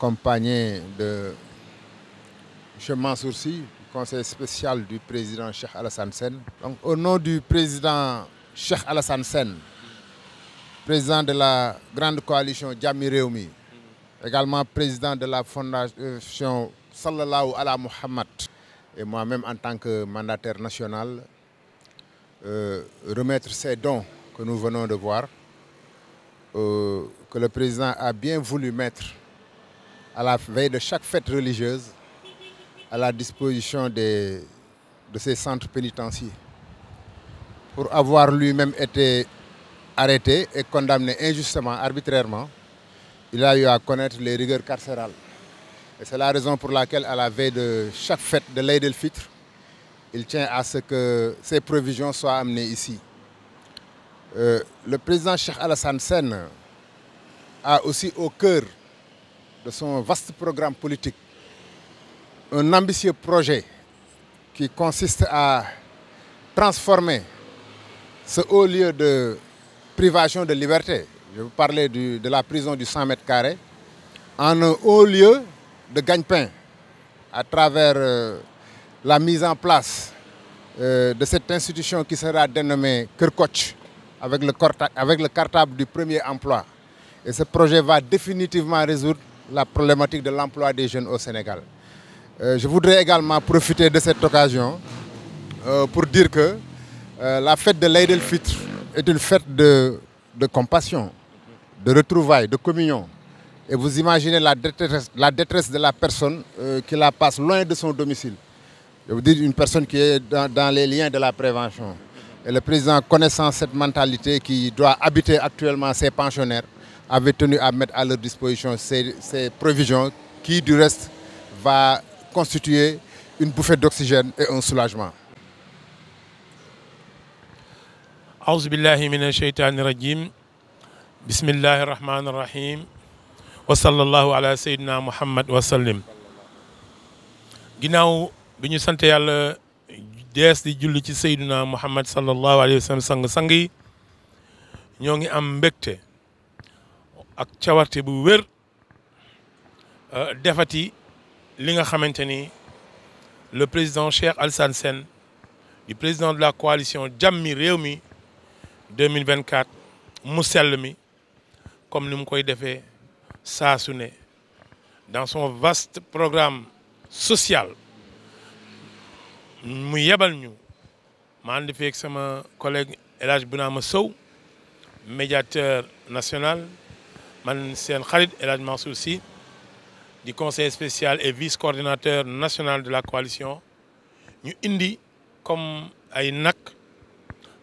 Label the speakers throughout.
Speaker 1: accompagné de M. Mansour Sy, conseil spécial du président Cheikh Alassane Sen. Donc, au nom du président Cheikh Alassane Sen, président de la grande coalition Jami Réumi, également président de la fondation Sallallahu ala Muhammad, et moi-même en tant que mandataire national, euh, remettre ces dons que nous venons de voir, euh, que le président a bien voulu mettre à la de chaque fête religieuse, à la disposition des, de ces centres pénitentiaires. Pour avoir lui-même été arrêté et condamné injustement, arbitrairement, il a eu à connaître les rigueurs carcérales. Et c'est la raison pour laquelle, à la veille de chaque fête de l'Aïd el Fitr, il tient à ce que ces provisions soient amenées ici. Euh, le président Cheikh Alassane Sen a aussi au cœur de son vaste programme politique un ambitieux projet qui consiste à transformer ce haut lieu de privation de liberté, je vous parlais du, de la prison du 100 mètres carrés, en un haut lieu de gagne-pain à travers euh, la mise en place euh, de cette institution qui sera dénommée Kerkoch avec le, avec le cartable du premier emploi. Et ce projet va définitivement résoudre la problématique de l'emploi des jeunes au Sénégal. Euh, je voudrais également profiter de cette occasion euh, pour dire que euh, la fête de l'Aïd el Fitr est une fête de, de compassion, de retrouvailles, de communion. Et vous imaginez la détresse, la de la personne euh, qui la passe loin de son domicile. Je vous dis une personne qui est dans les liens de la prévention. Et le président connaissant cette mentalité qui doit habiter actuellement ses pensionnaires, avait tenu à mettre à leur disposition ces, ces provisions qui, du reste, va constituer une bouffée d'oxygène et un soulagement.
Speaker 2: أعوذ بالله من الشيطان الرجيم بسم الله الرحمن الرحيم وصلى الله على سيدنا محمد وسلم ginnaaw bi ñu sant yàlla di julli ci Seydina Muhammad sallallahu alayhi wa sallam ñoo ngi am mbégte ak cawarte bu wér euh, defati li nga xamante ni le président Cheikh Alassane Sène du président de la coalition Jàmmi réew mi 2024 mu sell mi comme ni mu koy defee saa dans son vaste programme social mu yebal ñu ma ànd sama collègue El Hadj Bounama Sow médiateur national man seen xarit El Hadj Mansour Sy di conseil spécial et vice-coordinateur national de la coalition ñu indi comme ay nag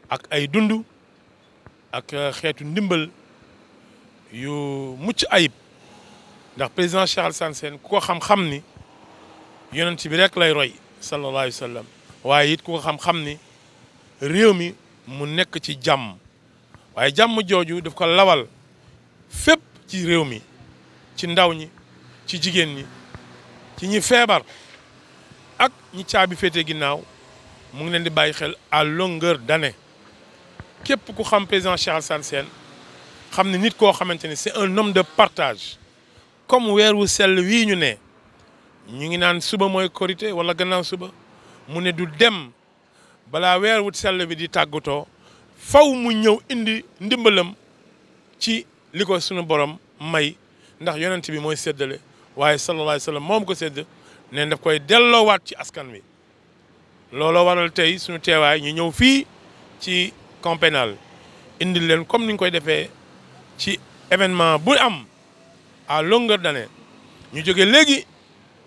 Speaker 2: ak ay dund ak euh, xeetu ndimbal yu mucc ayib ndax président Cheikh Alassane Sène ku ko xam-xam ni yonent bi rek lay roy sallallahu alayhi waaye it ku ko xam-xam ni réew mi mu nekk ci jàmm waaye jàmm jooju def ko lawal ci réew mi ci ndaw ñi ci jigéen ñi ci ñi feebar ak ñi caabi féete ginnaaw mu ngi leen di bàyyi xel à longueur d'année képp ku xam président Cheikh Alassane Sène xam ne nit koo xamante ni c'est un homme de partage comme weer wu sell wii ñu ne ñu ngi naan suba mooy korité wala gannaaw suba mu ne du dem balaa weer wu sell wi di tàggatoo faw mu ñëw indi ndimbalam ci li ko suñu borom may ndax yonent bi mooy séddale waaye sallallahu alayhi wa moom ko sédd ne daf koy delloowaat ci askan wi looloo waral tey suñu teewaay ñu ñëw fii ci camp pénal indil leen comme ni ñu koy defee ci événement bu am à longueur d'année ñu jóge léegi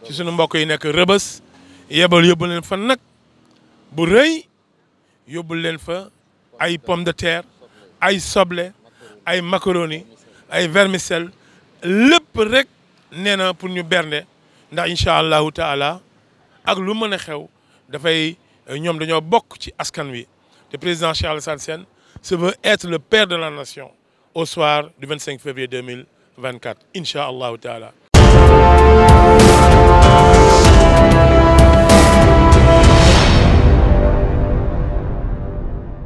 Speaker 2: ci suñu mbokk yi nekk rëbës yebal yóbbu leen fa nag bu rëy yóbbu leen fa ay pomme de terre ay soble ay macaroni ay vermicelle lépp rek nee na pour ñu bernde ndax incha allahu taala ak lu mën a xew dafay ñoom dañoo bokk ci askan wi te président Cheikh Alassane Sène se veut être le père de la nation au soir du 25 février 2024 incha allahu taala